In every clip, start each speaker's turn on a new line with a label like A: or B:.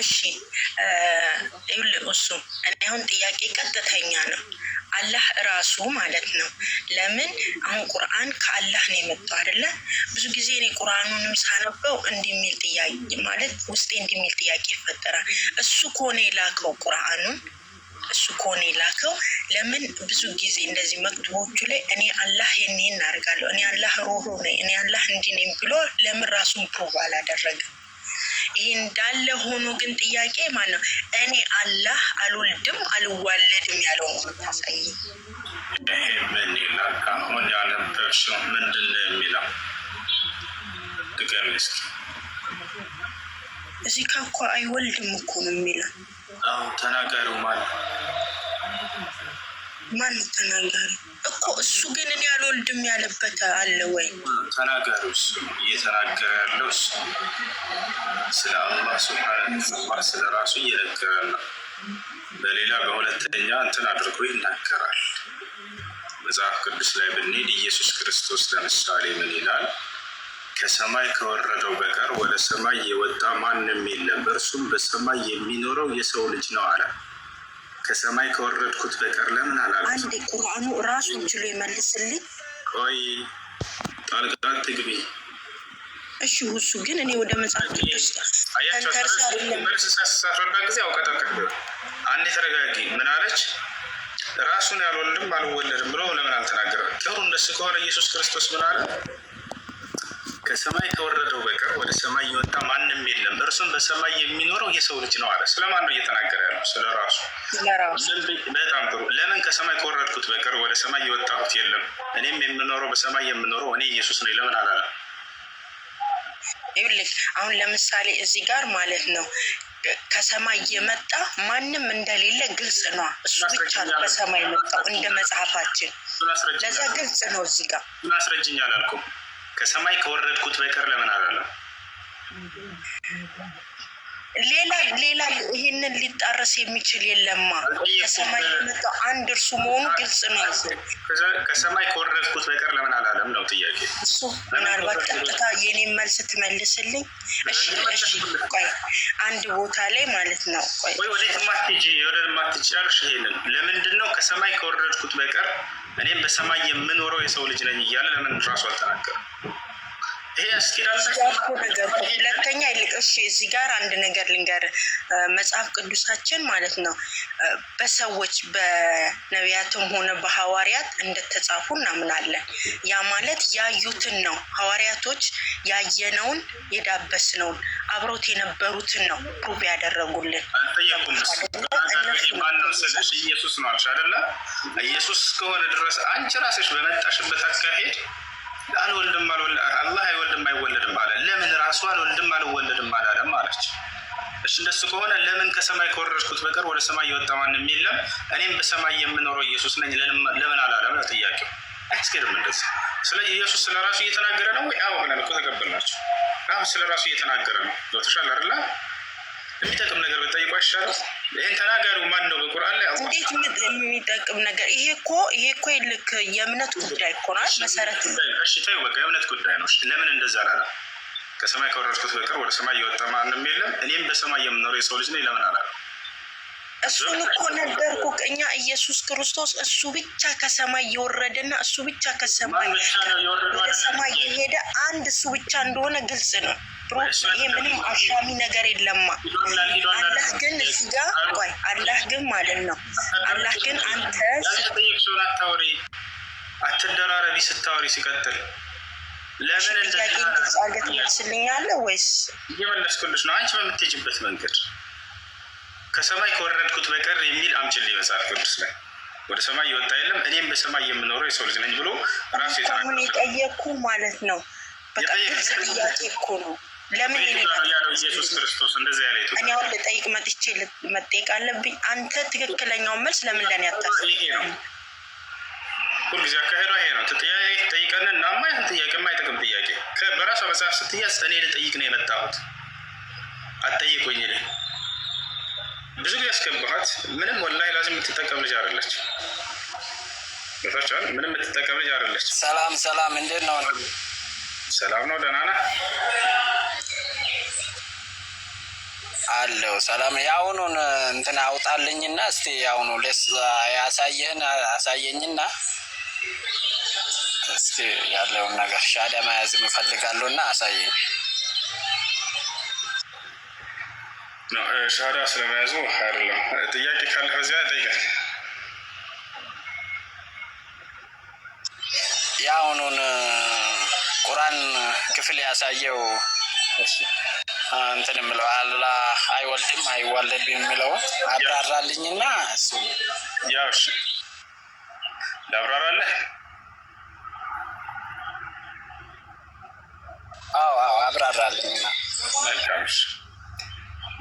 A: እሺ ይኸውልህ፣ እሱ እኔ አሁን ጥያቄ ቀጥተኛ ነው። አላህ እራሱ ማለት ነው። ለምን አሁን ቁርአን ከአላህ ነው የመጣው አይደለ? ብዙ ጊዜ እኔ ቁርአኑንም ሳነበው እንዲሚል ጥያቄ ማለት ውስጤ እንዲሚል ጥያቄ ይፈጠራል። እሱ ከሆነ የላከው ቁርአኑን እሱ ከሆነ የላከው ለምን ብዙ ጊዜ እንደዚህ መክትቦቹ ላይ እኔ አላህ የኔን አድርጋለሁ እኔ አላህ ሮሮ ነኝ እኔ አላህ እንዲህ ነኝ ብሎ ለምን ራሱን ፕሩቭ አላደረገም? ይህ እንዳለ ሆኖ ግን ጥያቄ ማን ነው? እኔ አላህ አልወልድም አልዋለድም ያለው
B: ታሳይ ምን ይላል? አሁን ምንድን ነው የሚለው? እስኪ።
A: እዚህ ጋ አይወልድም እኮ ነው የሚለው።
B: አዎ ተናጋሪው ማን
A: ማን ተናጋሪው እኮ እሱ ግን እኔ አልወልድም ያለበት አለ ወይ?
B: ተናገሩ እየተናገረ ያለው እሱ ስለ አላህ ስብሃነ ስለ ራሱ እየነገረ ነው። በሌላ በሁለተኛ እንትን አድርጎ ይናገራል። መጽሐፍ ቅዱስ ላይ ብንሄድ ኢየሱስ ክርስቶስ ለምሳሌ ምን ይላል? ከሰማይ ከወረደው በቀር ወደ ሰማይ የወጣ ማንም የለም፣ እርሱም በሰማይ የሚኖረው የሰው ልጅ ነው አለ። ከሰማይ ከወረድኩት በቀር ለምን አላሉ።
A: አንድ ቁርአኑ ራሱ ችሎ ይመልስልኝ።
B: ቆይ ጣልቃ ትግቢ።
A: እሺ ሁሱ ግን እኔ ወደ መጽሐፍ ቅዱስ
B: መልስ ሳትወዳ ጊዜ አውቀጠቅ አንዴ ተረጋጊ። ምን አለች? ራሱን ያልወልድም አልወለድም ብሎ ለምን አልተናገረም? ጥሩ እንደሱ ከሆነ ኢየሱስ ክርስቶስ ምን አለ? ከሰማይ ከወረደው በቀር ወደ ሰማይ የወጣ ማንም የለም፣ እርሱም በሰማይ የሚኖረው የሰው ልጅ ነው አለ። ስለማን ነው እየተናገረ ያለው? ስለ ራሱ። በጣም ጥሩ። ለምን ከሰማይ ከወረድኩት በቀር ወደ ሰማይ የወጣሁት የለም፣ እኔም የምኖረው በሰማይ የምኖረው እኔ ኢየሱስ ነው ለምን አላለ?
A: ይኸውልህ አሁን ለምሳሌ እዚህ ጋር ማለት ነው ከሰማይ የመጣ ማንም እንደሌለ ግልጽ ነው። እሱ ብቻ ነው በሰማይ መጣው እንደ መጽሐፋችን። ለዛ ግልጽ ነው እዚህ ጋር
B: ምን አስረጅኝ አላልኩም ከሰማይ ከወረድኩት በቀር ለምን አላለም?
A: ሌላ ሌላ ይህንን ሊጣረስ የሚችል የለማ። ከሰማይ የመጣው አንድ እርሱ መሆኑ ግልጽ ነው።
B: ከሰማይ ከወረድኩት በቀር ለምን አላለም ነው ጥያቄ።
A: እሱ ምናልባት ቀጥታ የኔን መልስ ትመልስልኝ። እሺ፣ እሺ፣ ቆይ አንድ ቦታ ላይ ማለት ነው።
B: ቆይ ወደ ማትጂ ወደ ማትጨርሽ ይሄንን ለምንድን ነው ከሰማይ ከወረድኩት በቀር እኔም በሰማይ የምኖረው የሰው ልጅ ነኝ እያለ ለምን ራሱ አልተናገረም?
A: ሁለተኛ እሺ፣ እዚህ ጋር አንድ ነገር ልንገር። መጽሐፍ ቅዱሳችን ማለት ነው በሰዎች በነቢያትም ሆነ በሐዋርያት እንደተጻፉ እናምናለን። ያ ማለት ያዩትን ነው። ሐዋርያቶች ያየነውን የዳበስነውን አብሮት የነበሩትን ነው
B: ፕሩፍ ያደረጉልን። ኢየሱስ ነው አልሽ ኢየሱስ እስከሆነ ድረስ አንቺ ራስሽ በመጣሽበት አካሄድ አልወልድም አላህ አይወልድም አይወለድም አለ። ለምን ራሱ አልወልድም አልወለድም አላለም አለች። እሺ እንደሱ ከሆነ ለምን ከሰማይ ከወረድኩት በቀር ወደ ሰማይ የወጣ ማንም የለም፣ እኔም በሰማይ የምኖረው ኢየሱስ ነኝ ለምን አላለም ነው ጥያቄው። አያስገርም እንደዚህ። ስለ ኢየሱስ ስለ ራሱ እየተናገረ ነው ወይ? አዎ ብለን እኮ ተቀበልናቸው። አሁን ስለ ራሱ እየተናገረ ነው። ገብቶሻል አይደል? የሚጠቅም ነገር ብጠይቁ አይሻልም? ይህን ተናጋሪው ማን ነው? በቁርአን ላይ
A: እንዴት የሚጠቅም ነገር ይሄ እኮ ይሄ እኮ ልክ የእምነት ጉዳይ እኮ መሰረት
B: ሽታ በቃ የእምነት ጉዳይ ነው። ለምን እንደዛ አላለ ከሰማይ ከወረድኩት በቀር ወደ ሰማይ እየወጣ ማንም የለም፣ እኔም በሰማይ የምኖረ የሰው ልጅ ነኝ ለምን አላለ?
A: እሱን እኮ ነገርኩ። እኛ ኢየሱስ ክርስቶስ እሱ ብቻ ከሰማይ የወረደና እሱ ብቻ ከሰማይ ወደ ሰማይ የሄደ አንድ እሱ ብቻ እንደሆነ ግልጽ ነው። ፕሮክሲ ይሄ ምንም አሻሚ ነገር የለማ። አላህ ግን እዚህ ጋ ቆይ፣ አላህ ግን ማለት ነው አላህ ግን አንተ
B: ጠየቅሽውን አታውሪ፣ አትደራረቢ ስታወሪ። ሲቀጥል
A: ለምን ጥያቄ ግልጽ ወይስ
B: እየመለስኩልሽ ነው? አንቺ በምትሄጂበት መንገድ ከሰማይ ከወረድኩት በቀር የሚል አምጪልኝ መጽሐፍ ቅዱስ ላይ ወደ ሰማይ የወጣ የለም። እኔም በሰማይ የምኖረው የሰው ልጅ ነኝ ብሎ
A: ራሱ ማለት ነው። በቃ ጥያቄ እኮ ነው።
B: ለምን ያለው ኢየሱስ ክርስቶስ እንደዚህ
A: ያለ እኔ አሁን ልጠይቅ መጥቼ መጠየቅ አለብኝ። አንተ ትክክለኛውን መልስ ለምን ለኔ ያታስ
B: ይሄ ነው። ሁልጊዜ አካሄዷ ይሄ ነው። ጥያቄ ትጠይቀን እናማ ይህ ጥያቄ የማይጠቅም ጥያቄ በራሷ መጽሐፍ ስትያዝ እኔ ልጠይቅ ነው የመጣሁት አትጠይቁኝ ይል ብዙ ጊዜ ያስገባሃት ምንም ወላሂ ላዚም የምትጠቀም ልጅ አደለች። ታቸዋል ምንም የምትጠቀም ልጅ
C: አደለች። ሰላም ሰላም፣ እንዴት ነው?
B: ሰላም ነው፣ ደህና ነህ?
C: አለው ሰላም የአሁኑን እንትን አውጣልኝና እስቲ የአሁኑ ለስ ያሳየህን አሳየኝና እስቲ ያለውን ነገር ሻዳ መያዝም እፈልጋለሁና አሳየኝ።
B: ሻዳ ስለመያዙ አይደለም ጥያቄ ካለ በዚያ ይጠይቃል።
C: የአሁኑን ቁራን ክፍል ያሳየው እንትን የምለው አላ አይወልድም አይዋለድም የሚለውን አብራራልኝና እሱ
B: ያው እሺ ላብራራለህ።
C: አዎ አዎ አብራራልኝና
B: መልካም እሺ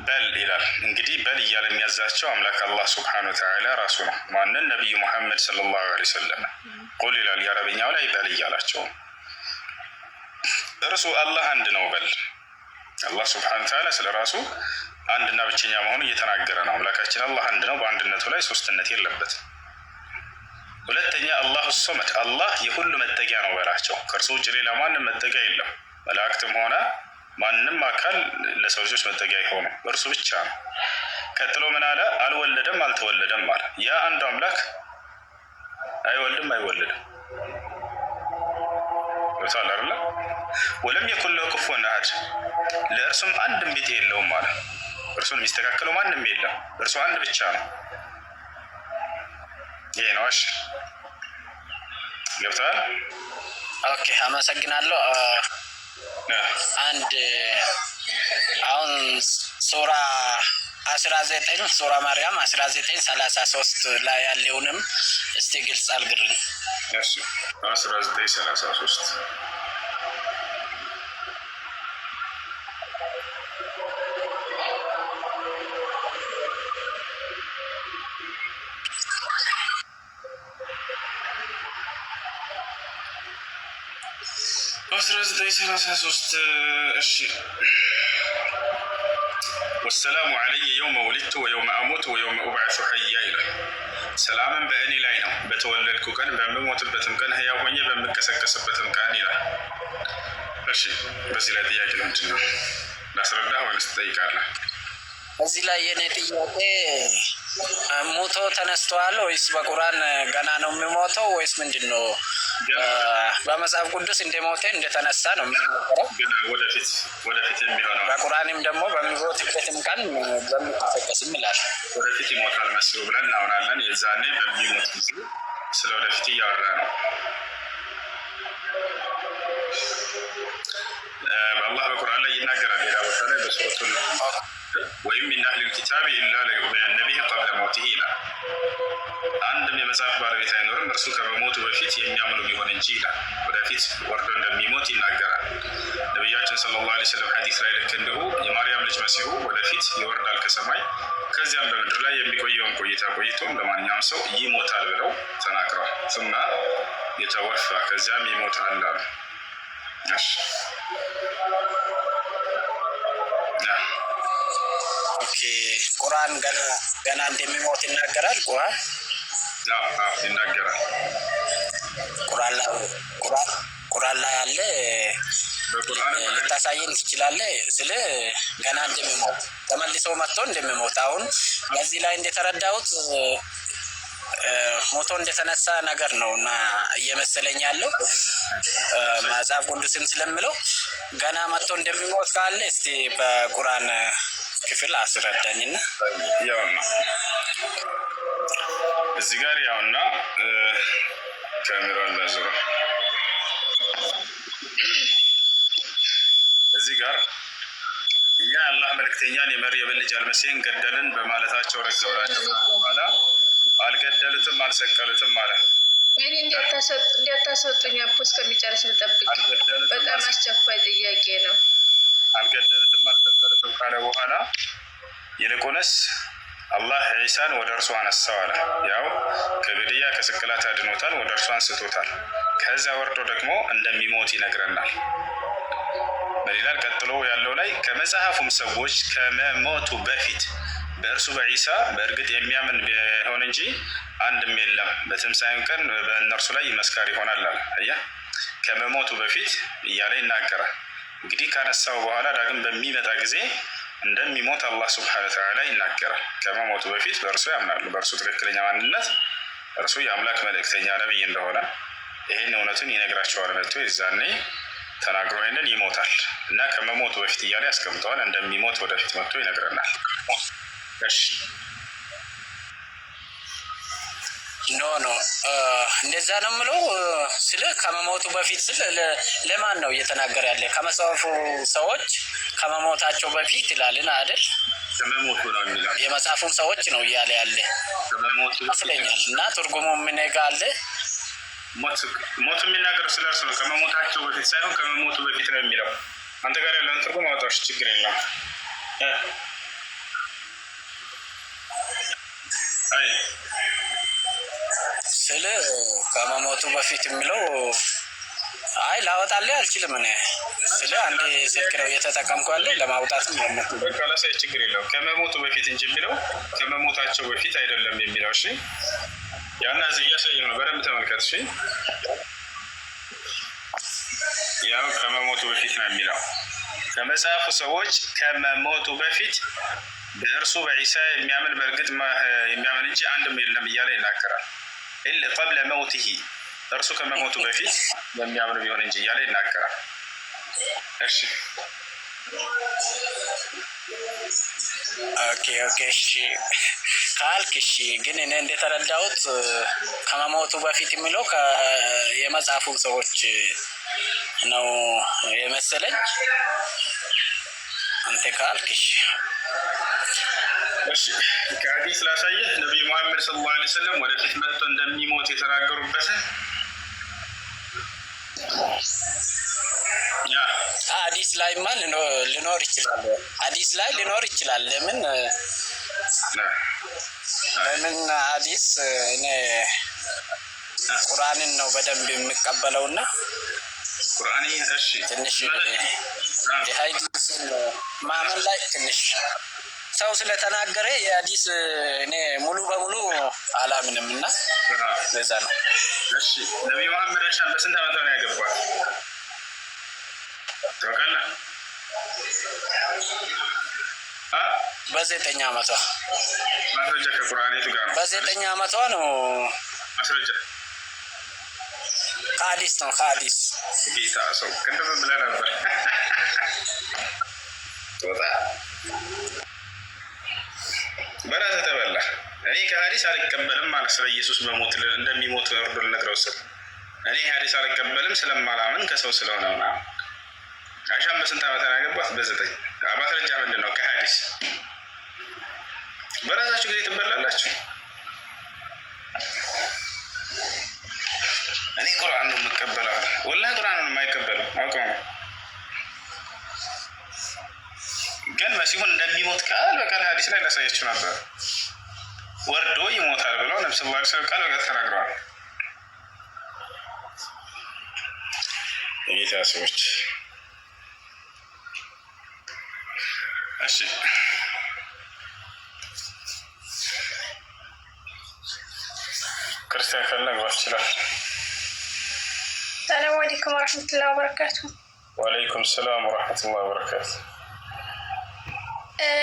B: በል ይላል እንግዲህ በል እያለ የሚያዛቸው አምላክ አላህ ስብሐነሁ ወተዓላ ራሱ ነው። ማንን ነቢዩ ሙሐመድ ሰለላሁ ዐለይሂ ወሰለም ቁል ይላል የአረብኛው ላይ በል እያላቸው እርሱ አላህ አንድ ነው በል አላህ ስብሐነ ወተዓላ ስለ ራሱ አንድና ብቸኛ መሆኑ እየተናገረ ነው። አምላካችን አላህ አንድ ነው። በአንድነቱ ላይ ሶስትነት የለበት። ሁለተኛ አላ ሶመድ አላህ የሁሉ መጠጊያ ነው በላቸው። ከእርሱ ውጭ ሌላ ማንም መጠጊያ የለም። መላእክትም ሆነ ማንም አካል ለሰው ልጆች መጠጊያ የሆኑ እርሱ ብቻ ነው። ቀጥሎ ምን አለ? አልወለደም አልተወለደም አለ። ያ አንዱ አምላክ አይወልድም አይወለድም ተመልክቷል አይደለ? ወለም የኩን ለው ኩፉወን አሐድ ለእርሱም አንድም ቤት የለውም አለ። እርሱን የሚስተካከለው ማንም የለም፣ እርሱ አንድ ብቻ ነው። ይሄ ነው። እሺ ገብተዋል።
C: ኦኬ፣ አመሰግናለሁ። አንድ አሁን ሱራ አስራ ዘጠኝ ሱራ ማርያም አስራ ዘጠኝ ሰላሳ ሶስት ላይ ያለውንም እስቲ ግልጽ አልግርን።
B: አስራ ዘጠኝ ሰላሳ ሶስት አስራ ዘጠኝ ሰላሳ ሶስት እሺ ወሰላሙ አለየ የውመ ወሊድቱ ወየውመ አሙቱ ወየውመ ኡብዐሱ ሐያ ይላል። ሰላምን በእኔ ላይ ነው በተወለድኩ ቀን በምሞትበትም ቀን ህያው ሆኜ በምቀሰቀስበትም ቀን ይላል። እሺ በዚህ ላይ ጥያቄ ነው እንጂ ነው ላስረዳ ወይስ ትጠይቃለህ?
C: እዚህ ላይ የእኔ ጥያቄ ሙቶ ተነስተዋል ወይስ በቁርአን ገና ነው የሚሞተው ወይስ ምንድን ነው? በመጽሐፍ ቅዱስ እንደሞተ እንደተነሳ
B: ነው የሚነገረው።
C: በቁርአንም ደግሞ በሚሞትበትም ቀን በሚቀሰቀስም ይላል።
B: ወደፊት ይሞታል መስሉ ብለን እናወራለን። የዛኔ በሚሞት ጊዜ ስለ ወደፊት እያወራ ነው። በአላህ በቁርአን ላይ ይናገራል። ሌላ ቦታ ላይ በሱረቱ ወይም ሚን አህሊል ኪታቢ ኢላ ለዩእሚነነ ቢሂ ቀብለ መውቲሂ ይላል። አንድም የመጽሐፍ ባለቤት አይኖርም እርሱ ከመሞቱ በፊት የሚያምኑ ሊሆን እንጂ ይላል። ወደፊት ወርዶ እንደሚሞት ይናገራል። ነቢያችን ሰለላሁ ዐለይሂ ወሰለም ሐዲስ ላይ ልክ እንዲሁ የማርያም ልጅ መሲሁ ወደፊት ይወርዳል ከሰማይ ከዚያም በምድር ላይ የሚቆየውን ቆይታ ቆይቶ ለማንኛውም ሰው ይሞታል ብለው ተናግረዋል። ሱመ የተወፋ ከዚያም ይሞታል አሉ።
C: ቁርአን ገና እንደሚሞት ይናገራል
B: ቁርአን ይናገራል።
C: ያለ ላይ አለ። ልታሳየን ገና እንደሚሞት ተመልሰው መጥቶ እንደሚሞት አሁን በዚህ ላይ እንደተረዳሁት ሞቶ እንደተነሳ ነገር ነው እና እየመሰለኝ ያለው መጽሐፍ ቅዱስም ስለምለው ገና መጥቶ እንደሚሞት ካለ እስቲ በቁራን ክፍል አስረዳኝና
B: እዚህ ጋር ያውና ካሜራ ላዙረ እዚህ ጋር እኛ አላህ መልክተኛን የመርየምን ልጅ አልመሲህን ገደልን በማለታቸው ረግበናቸው በኋላ አልገደሉትም፣ አልሰቀሉትም አለ።
A: ይህን እንዲያታሰጡኝ አቦ እስከሚጨርስ ልጠብቅ። በጣም አስቸኳይ ጥያቄ ነው።
B: አልገደሉትም፣ አልሰቀሉትም ካለ በኋላ ይልቁንስ አላህ ዒሳን ወደ እርሱ አነሳው አለ። ያው ከግድያ ከስቅላት አድኖታል፣ ወደ እርሱ አንስቶታል። ከዛ ወርዶ ደግሞ እንደሚሞት ይነግረናል። በሌላል ቀጥሎ ያለው ላይ ከመጽሐፉም ሰዎች ከመሞቱ በፊት በእርሱ በዒሳ በእርግጥ የሚያምን ቢሆን እንጂ አንድም የለም፣ በትንሣኤም ቀን በእነርሱ ላይ መስካር ይሆናል አለ። አያ ከመሞቱ በፊት እያለ ይናገራል። እንግዲህ ካነሳው በኋላ ዳግም በሚመጣ ጊዜ እንደሚሞት አላህ ስብሐነ ወተዓላ ይናገራል። ከመሞቱ በፊት በእርሱ ያምናሉ። በእርሱ ትክክለኛ ማንነት እርሱ የአምላክ መልእክተኛ ነብይ እንደሆነ ይህን እውነቱን ይነግራቸዋል። መጥቶ የዛኔ ተናግሮ ይንን ይሞታል እና ከመሞቱ በፊት እያለ ያስቀምጠዋል። እንደሚሞት ወደፊት መጥቶ ይነግረናል። እሺ
C: ኖ ኖ እንደዛ ነው የምለው። ስለ ከመሞቱ በፊት ስለ ለማን ነው እየተናገረ ያለ? ከመጽሐፉ ሰዎች ከመሞታቸው በፊት ይላልን አይደል? የመጽሐፉን ሰዎች ነው እያለ ያለ ይመስለኛል። እና ትርጉሙ ምን
B: ሞት የሚናገረው ስለ እርሱ ነው። ከመሞታቸው በፊት ሳይሆን ከመሞቱ በፊት ነው የሚለው። አንተ ጋር ያለን ትርጉም አወጣሽ፣ ችግር የለም።
C: ስለ ከመሞቱ በፊት የሚለው አይ ላወጣልህ አልችልም። እኔ ስለ አንድ ስልክ ነው እየተጠቀምኩ ያለ ለማውጣት
B: በቃ ላሳይ፣ ችግር የለው። ከመሞቱ በፊት እንጂ የሚለው ከመሞታቸው በፊት አይደለም የሚለው። እሺ፣ ያና እዚህ እያሳየ ነው። በደንብ ተመልከት። እሺ፣ ያው ከመሞቱ በፊት ነው የሚለው። ከመጽሐፉ ሰዎች ከመሞቱ በፊት በእርሱ በዒሳ የሚያምን በእርግጥ የሚያምን እንጂ አንድም የለም እያለ ይናገራል። ቀብለ መውትሂ እርሱ ከመሞቱ በፊት በሚያምር ቢሆን እንጂ እያለ ይናገራል። እሺ
C: ኦኬ ኦኬ እሺ ካልክ እሺ። ግን እኔ እንደተረዳሁት ከመሞቱ በፊት የሚለው የመጽሐፉ ሰዎች ነው የመሰለኝ። አንተ ካልክ እሺ
B: እሺ ከሀዲስ ላሳየህ። ነቢዩ መሐመድ ሰለላሁ ዐለይሂ ወሰለም ወደፊት መጥቶ እንደሚሞት የተናገሩበትን
C: አዲስ ላይማ ልኖር ይችላል። አዲስ ላይ ሊኖር ይችላል። ለምን ለምን አዲስ እኔ ቁርአንን ነው በደንብ የሚቀበለው
B: ቁርአን ትንሽ
C: ማመን ላይ ትንሽ ሰው ስለተናገረ የአዲስ እኔ ሙሉ በሙሉ አላምንም እና
B: ለዛ ነው። እሺ ነቢ መሐመድ ሻ በስንት ዓመቷ ነው ያገባል ታውቃለህ?
C: በዘጠኝ ዓመቷ
B: ማስረጃ ከቁርአኔቱ
C: ጋር በዘጠኝ ዓመቷ ነው ማስረጃ ከአዲስ ነው ከአዲስ
B: ጌታ ሰው ቅድም ብለህ ነበር በራ ተበላ እኔ ከሀዲስ አልቀበልም ማለት ስለ ኢየሱስ በሞት እንደሚሞት እርዶ ልነግረው ስል እኔ ሀዲስ አልቀበልም ስለማላምን ከሰው ስለሆነ ምናምን አሻን በስንት ዓመት ያገባት? በዘጠኝ ማስረጃ ምንድን ነው? ከሀዲስ በራሳችሁ ጊዜ ትበላላችሁ። እኔ ቁርአን ነው የምቀበለው። ወላሂ ቁርአን ነው የማይቀበለው አውቀው ነው ግን መሲሁን እንደሚሞት ቃል በቃል ሀዲስ ላይ ላሳያችሁ ነበር። ወርዶ ይሞታል ብለው ነብ ስ ላ ቃል በቃል ተናግረዋል። የጌታ ሰዎች እሺ ክርስቲያን ፈለግባት ይችላል።
D: ሰላም አለይኩም ወረሕመቱላህ ወበረካቱ።
B: ወአለይኩም ሰላም ወረሕመቱላህ ወበረካቱ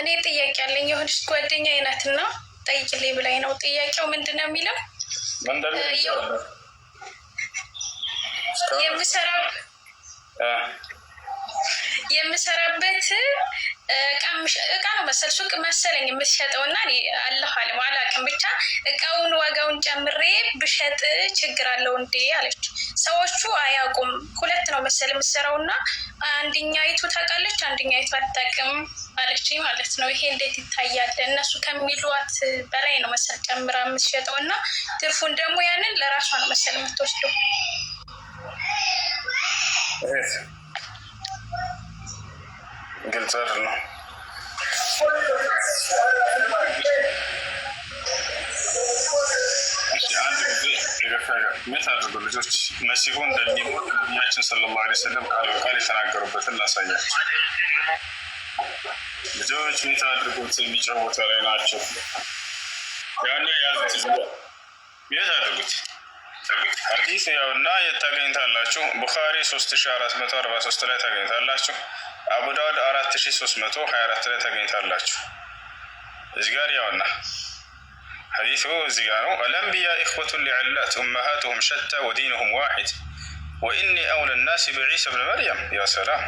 D: እኔ ጥያቄ አለኝ። የሆነች ጓደኛ አይነትና ጠይቅልኝ ብላኝ ነው። ጥያቄው ምንድን ነው የሚለው የምሰራበት እቃ ነው መሰል ሱቅ መሰለኝ የምትሸጠው እና አለሁ አለ አላውቅም። ብቻ እቃውን ዋጋውን ጨምሬ ብሸጥ ችግር አለው እንዴ አለች። ሰዎቹ አያውቁም። ሁለት ነው መሰል የምትሰራው እና አንድኛ ይቱ ታውቃለች፣ አንደኛ ይቱ አታውቅም አለች ማለት ነው። ይሄ እንዴት ይታያል? እነሱ ከሚሏት በላይ ነው መሰል ጨምራ የምትሸጠው እና ትርፉን ደግሞ ያንን ለራሷ ነው መሰል የምትወስደው
B: ግልጽ አይደለም። አንድ ጊዜ የገፋ ሜት አድርጉ ልጆች፣ መሲሁ እንደሚሞት ነቢያችን ሰለላሁ ወሰለም ቃል በቃል የተናገሩበትን ላሳያቸው። ልጆች አድርጉት፣ የሚጫወታ ላይ ናቸው። ያሉት አድርጉት ሐዲስ ያውና የት ታገኝታላችሁ? ቡኻሪ 3443 ላይ ታገኝታላችሁ። አቡ ዳውድ 4324 ላይ ታገኝታላችሁ። እዚህ ጋር ያውና ሐዲሱ እዚህ ጋር ነው። አልአንቢያ ኢኽወቱ ሊዕላት ኡመሃቱሁም ሸታ ወዲንሁም ዋሒድ ወኢኒ አውለ ናሲ በዒሳ ብን መርያም ያ ሰላም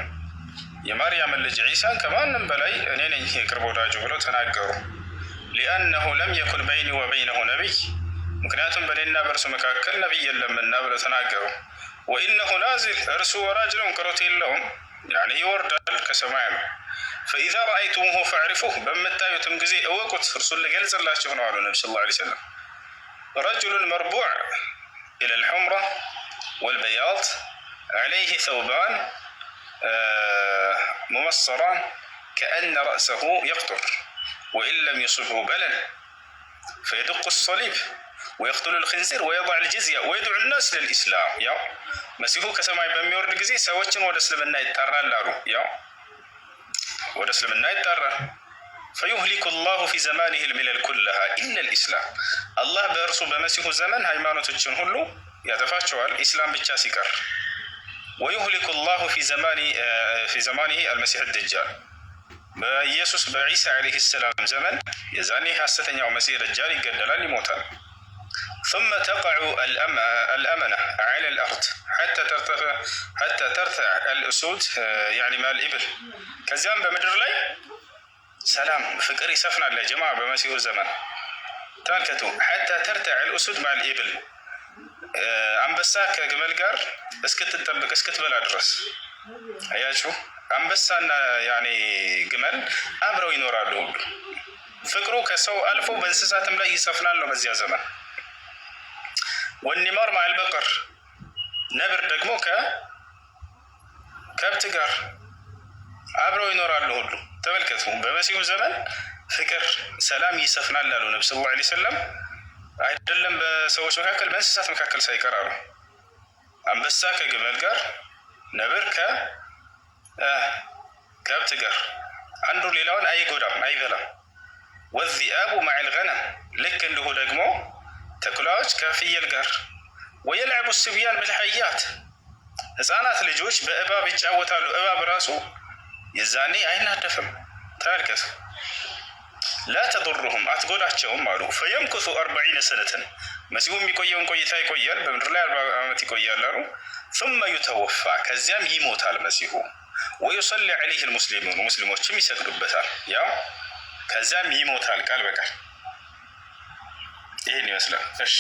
B: የማርያምን ልጅ ዒሳን ከማንም በላይ እኔ ነኝ የቅርብ ወዳጁ ብለው ተናገሩ። ሊአነሁ ለም የኩን በይኒ ወበይነሁ ነቢይ ምክንያቱም በእኔና በእርሱ መካከል ነቢይ የለምና ብለው ተናገሩ። ወኢነሁ ናዚል እርሱ ወራጅ ነው፣ ቅሮት የለውም። ያኔ ይወርዳል ከሰማይ ነው። ፈኢዛ ረአይቱሙሁ ፈዕሪፉህ በምታዩትም ጊዜ እወቁት፣ እርሱን ልገልጽላችሁ ነው አሉ ነቢ ስ ላ ሰለም። ረጅሉን መርቡዕ ኢለ ልሑምራ ወልበያድ ዐለይህ ሰውባን ሙመሰራን ከአነ ረእሰሁ የቅጡር ወኢን ለም ይስብሁ በለን ፈየድቁ ሰሊብ ወየቅቱሉ ልክንዚር ወየባዕ ልጅዝያ ወየድዑ ናስ ለልኢስላም። ያው መሲሁ ከሰማይ በሚወርድ ጊዜ ሰዎችን ወደ እስልምና ይጠራል አሉ። ያው ወደ እስልምና ይጠራል። ፈዩህሊኩ ላሁ ፊ ዘማኒህ ልሚለል ኩለሃ ኢለ ልኢስላም። አላህ በእርሱ በመሲሁ ዘመን ሃይማኖቶችን ሁሉ ያጠፋቸዋል ኢስላም ብቻ ሲቀር። ወዩህሊኩ ላሁ ፊ ዘማኒህ አልመሲሕ ደጃል በኢየሱስ በዒሳ ዓለይህ ሰላም ዘመን የዛኔ ሐሰተኛው መሲህ ደጃል ይገደላል፣ ይሞታል። ثم تقع الأمنة على الأرض حتى ترتفع حتى ترتع الأسود آه، يعني مال الإبل كزام بمدر لي سلام فكري سفنا يا جماعة بمسيه الزمن تانكتو حتى ترتع الأسود مع الإبل عم آه، بساك جمال جار اسكت تطبق اسكت بلا درس اياشو عم بسانا يعني جمال أمره ينور فكرو كسو ألف وبنسسات ملاي يسفنا له بزيا زمن ወኒማር ማዕል በቅር ነብር ደግሞ ከከብት ጋር አብረው ይኖራሉ ሁሉ። ተመልከቱ፣ በመሲሁ ዘመን ፍቅር፣ ሰላም ይሰፍናል አሉ ነቢ ሰለላሁ ዐለይሂ ወሰለም። አይደለም በሰዎች መካከል በእንስሳት መካከል ሳይቀር አሉ። አንበሳ ከግመል ጋር፣ ነብር ከከብት ጋር አንዱ ሌላውን አይጎዳም፣ አይበላም። ወዚአቡ ማዕል ገነም ልክ እንዲሁ ደግሞ ተኩላዎች ከፍየል ጋር ወየልዕቡ ስብያን ብልሐያት ህፃናት ልጆች በእባብ ይጫወታሉ። እባብ ራሱ የዛኔ አይናደፍም። ተመልከት። ላ ተضሩሁም አትጎዳቸውም አሉ። ፈየምኩሱ አርበዒነ ሰነተን መሲሁ የሚቆየውን ቆይታ ይቆያል፣ በምድር ላይ አርባ ዓመት ይቆያል አሉ። ثመ ዩተወፋ ከዚያም ይሞታል መሲሁ ወዩሰሊ ዐለይህ ልሙስሊሙን ሙስሊሞችም ይሰግዱበታል። ያው ከዚያም ይሞታል ቃል በቃል ይህን ይመስላል። እሺ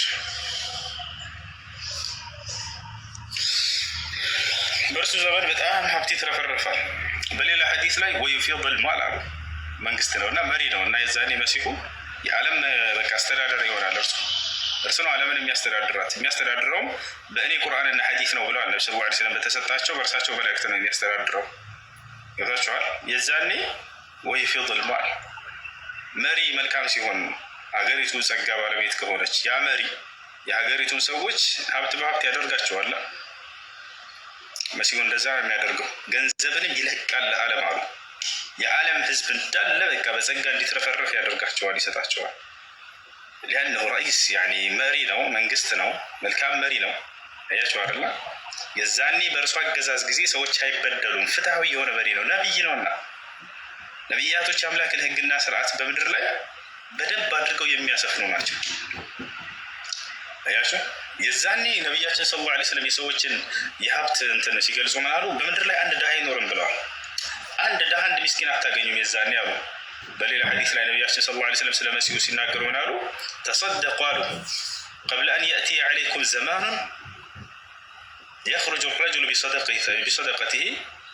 B: በእርሱ ዘመን በጣም ሀብት ይትረፈረፋል። በሌላ ሀዲስ ላይ ወዩፊድ ልማል አሉ መንግስት ነው እና መሪ ነው እና የዛኔ መሲሁ የዓለም በቃ አስተዳደር ይሆናል። እርሱ እርሱ ነው ዓለምን የሚያስተዳድራት የሚያስተዳድረውም በእኔ ቁርአንና ሀዲስ ነው ብለዋል። ነብ ስለ ስለም በተሰጣቸው በእርሳቸው መልእክት ነው የሚያስተዳድረው። ይታችኋል። የዛኔ ወዩፊድ ልማል መሪ መልካም ሲሆን ነው ሀገሪቱ ጸጋ ባለቤት ከሆነች ያ መሪ የሀገሪቱን ሰዎች ሀብት በሀብት ያደርጋቸዋል። መሲሁ እንደዛ ነው የሚያደርገው። ገንዘብንም ይለቃል ለዓለም አሉ። የዓለም ህዝብ እንዳለ በቃ በጸጋ እንዲትረፈረፍ ያደርጋቸዋል፣ ይሰጣቸዋል። ሊያነው ራይስ ያኔ መሪ ነው፣ መንግስት ነው፣ መልካም መሪ ነው። አያቸው አይደለ? የዛኔ በእርሱ አገዛዝ ጊዜ ሰዎች አይበደሉም። ፍትሐዊ የሆነ መሪ ነው፣ ነብይ ነውና ነቢያቶች አምላክን ህግና ስርዓት በምድር ላይ በደንብ አድርገው የሚያሰፍኑ ናቸው። አያቸው የዛኔ ነቢያችን ሰለላሁ ዐለይሂ ወሰለም የሰዎችን የሀብት እንትን ሲገልጹ ምን አሉ? በምድር ላይ አንድ ድሃ አይኖርም ብለዋል። አንድ ድሃ አንድ ሚስኪን አታገኙም የዛኔ አሉ። በሌላ ሐዲስ ላይ ነቢያችን ሰለላሁ ዐለይሂ ወሰለም ስለ መሲሁ ሲናገሩ ምን አሉ? ተሰደቁ አሉ ቀብለ አን የእትየ ዐለይኩም ዘማኑን የኽሩጁ ረጁሉ ቢሰደቀቲሂ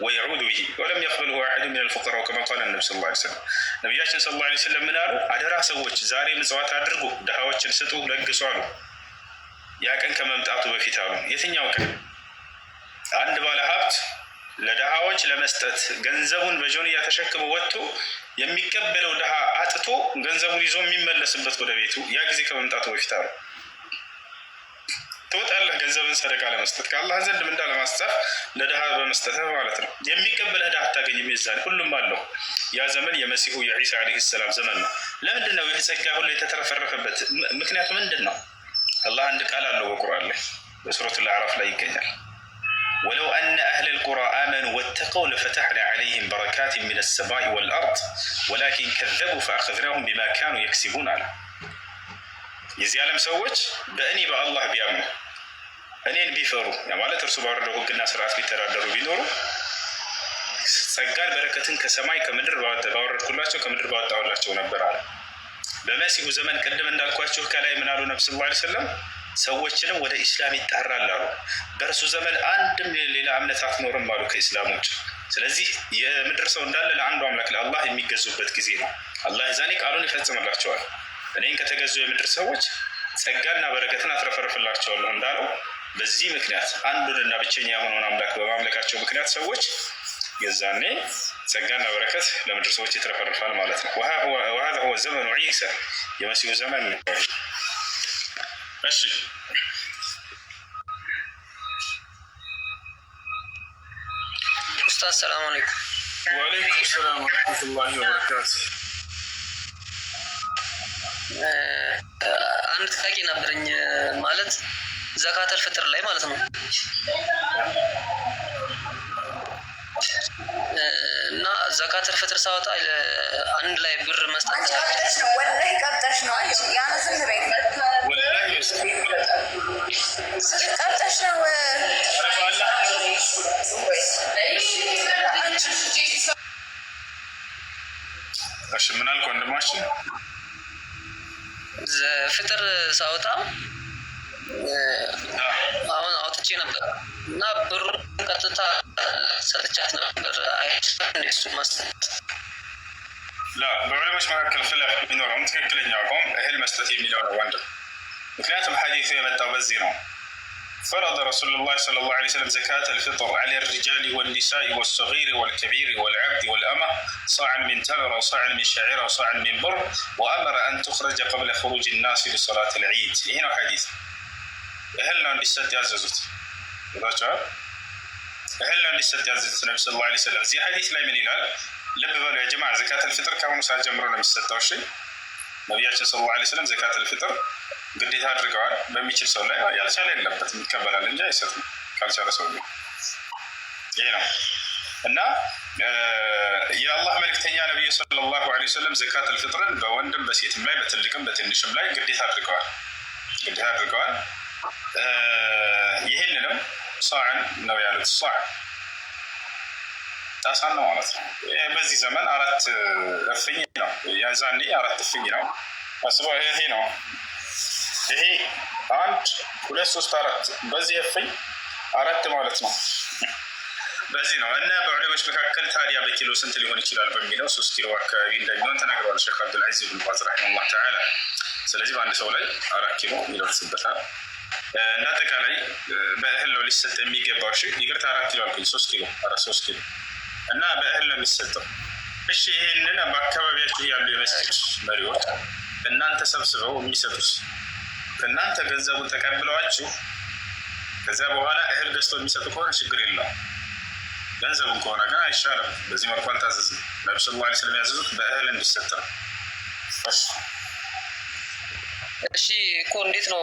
B: ወየዑዱ ብሂ ወለም የቅብልሁ አሐዱ ሚነል ፉቀራው ከማ ቃለ ነቢ ስ ላ ስለም ነቢያችን ስ ላ ስለም ምን አሉ? አደራ ሰዎች ዛሬ ምጽዋት አድርጉ፣ ድሃዎችን ስጡ፣ ለግሱ አሉ። ያ ቀን ከመምጣቱ በፊት አሉ። የትኛው ቀን? አንድ ባለ ሀብት ለድሃዎች ለመስጠት ገንዘቡን በጆንያ ተሸክሞ ወጥቶ የሚቀበለው ድሃ አጥቶ ገንዘቡን ይዞ የሚመለስበት ወደ ቤቱ ያ ጊዜ ከመምጣቱ በፊት አሉ። ትወጣለህ ገንዘብን ሰደቃ ለመስጠት ከአላህ ዘንድ ምንዳ ለማስጻፍ ለድሃ በመስጠት ማለት ነው። የሚቀበልህ ድሃ አታገኝም። የዛኔ ሁሉም አለው። ያ ዘመን የመሲሁ የዒሳ ዓለይሂ ሰላም ዘመን ነው። ለምንድን ነው የተጸጋ ሁሉ የተተረፈረፈበት ምክንያቱ ምንድን ነው? አላህ አንድ ቃል አለው በቁርአን ላይ በሱረት አዕራፍ ላይ ይገኛል። ወለው አነ አህለል ቁራ አመኑ ወተቀው ለፈተሕና ዓለይህም በረካት ሚነ ሰማኢ ወልአርድ ወላኪን ከዘቡ ፈአኸዝናሁም ቢማ ካኑ የክሲቡን አለ። የዚህ ዓለም ሰዎች በእኔ በአላህ ቢያምኑ እኔን ቢፈሩ ማለት እርሱ ባወረደው ህግና ስርዓት ቢተዳደሩ ቢኖሩ ጸጋን በረከትን ከሰማይ ከምድር ባወረድኩላቸው ከምድር ባወጣሁላቸው ነበር አለ። በመሲሁ ዘመን ቅድም እንዳልኳችሁ ከላይ ምናሉ ነቢ ስ ላ ሰዎችንም ወደ ኢስላም ይጠራል አሉ። በእርሱ ዘመን አንድም ሌላ እምነት አትኖርም አሉ ከኢስላሞች። ስለዚህ የምድር ሰው እንዳለ ለአንዱ አምላክ ለአላህ የሚገዙበት ጊዜ ነው። አላህ ዛኔ ቃሉን ይፈጽምላቸዋል። እኔን ከተገዙ የምድር ሰዎች ጸጋና በረከትን አትረፈርፍላቸዋለሁ እንዳለው በዚህ ምክንያት አንዱንና ብቸኛ የሆነውን አምላክ በማምለካቸው ምክንያት ሰዎች የዛኔ ጸጋና በረከት ለምድር ሰዎች የተረፈርፋል ማለት ነው። ወሀዛ ሁወ ዘመኑ ዒሳ የመሲሁ ዘመን ነው። እሺ
C: ኡስታዝ ሰላም አለይኩም።
B: ወአለይኩም ሰላም ወረሕመቱላሂ ወበረካቱ።
C: አንድ ጥያቄ ነበረኝ ማለት ዘካተል ፍጥር ላይ ማለት ነው እና ዘካተል ፍጥር ሳወጣ አንድ ላይ ብር
A: መስጠት
B: እሺ ምን አልክ ወንድማችን?
C: ፍጥር ሳወጣ አሁን አውጥቼ ነበር እና ብር ቀጥታ ሰጥቻት ነበር።
B: አይሱ መስጠት በዑለሞች መካከል ኺላፍ ቢኖረውም ትክክለኛው አቋም እህል መስጠት የሚለው ነው ወንድም። ምክንያቱም ሐዲሱ የመጣው በዚህ ነው። فرض رسول الله صلى الله عليه وسلم زكاة الفطر على الرجال والنساء والصغير والكبير والعبد والأمة صاعا من تمر وصاعا من شعير وصاعا من بر وأمر أن تخرج قبل خروج الناس لصلاة العيد هنا حديث እህል ነው እንዲሰጥ ያዘዙት ይሏቸዋል። እህል ነው እንዲሰጥ ያዘዙት ነቢ ስለ ላ ስለም። እዚህ ሀዲስ ላይ ምን ይላል? ልብ በሉ የጅማ ዘካት ፍጥር ከአሁኑ ሰዓት ጀምሮ ነው የሚሰጠው። እሺ ነቢያችን ስለ ላ ስለም ዘካት ፍጥር ግዴታ አድርገዋል። በሚችል ሰው ላይ ያልቻለ የለበትም ይቀበላል እንጂ አይሰጥም ካልቻለ ሰው ይሄ ነው እና የአላህ መልእክተኛ ነቢዩ ሰለላሁ ዐለይሂ ወሰለም ዘካት አልፍጥርን በወንድም በሴትም ላይ በትልቅም በትንሽም ላይ ግዴታ አድርገዋል ግዴታ አድርገዋል። ይህንንም ሳዕን ነው ያሉት። ሳዕ ጣሳ ነው ማለት ነው። በዚህ ዘመን አራት እፍኝ ነው፣ የዛኔ አራት እፍኝ ነው። አስበ ይሄ ነው ይሄ አንድ ሁለት ሶስት አራት፣ በዚህ እፍኝ አራት ማለት ነው። በዚህ ነው እና በዑለሞች መካከል ታዲያ በኪሎ ስንት ሊሆን ይችላል በሚለው ሶስት ኪሎ አካባቢ እንደሚሆን ተናግረዋል ሼክ አብዱልዓዚዝ ብን ባዝ ረሒመሁላህ ተዓላ። ስለዚህ በአንድ ሰው ላይ አራት ኪሎ ይደርስበታል። እንደ አጠቃላይ በእህል ነው ሊሰጥ የሚገባው። እሺ ይቅርታ አራት ኪሎ አልኩኝ፣ ሶስት ኪሎ አራት ሶስት ኪሎ እና በእህል ነው የሚሰጠው። እሺ ይህንን በአካባቢያችሁ ያሉ የመስጊድ መሪዎች እናንተ ሰብስበው የሚሰጡት ከእናንተ ገንዘቡን ተቀብለዋችሁ ከዚያ በኋላ እህል ገዝተው የሚሰጡ ከሆነ ችግር የለው። ገንዘቡን ከሆነ ግን አይሻልም። በዚህ መልኩ አልታዘዝም። ነቢ ስ ላ ስለም ያዘዙት በእህል እንዲሰጥ ነው።
C: እሺ እኮ እንዴት ነው?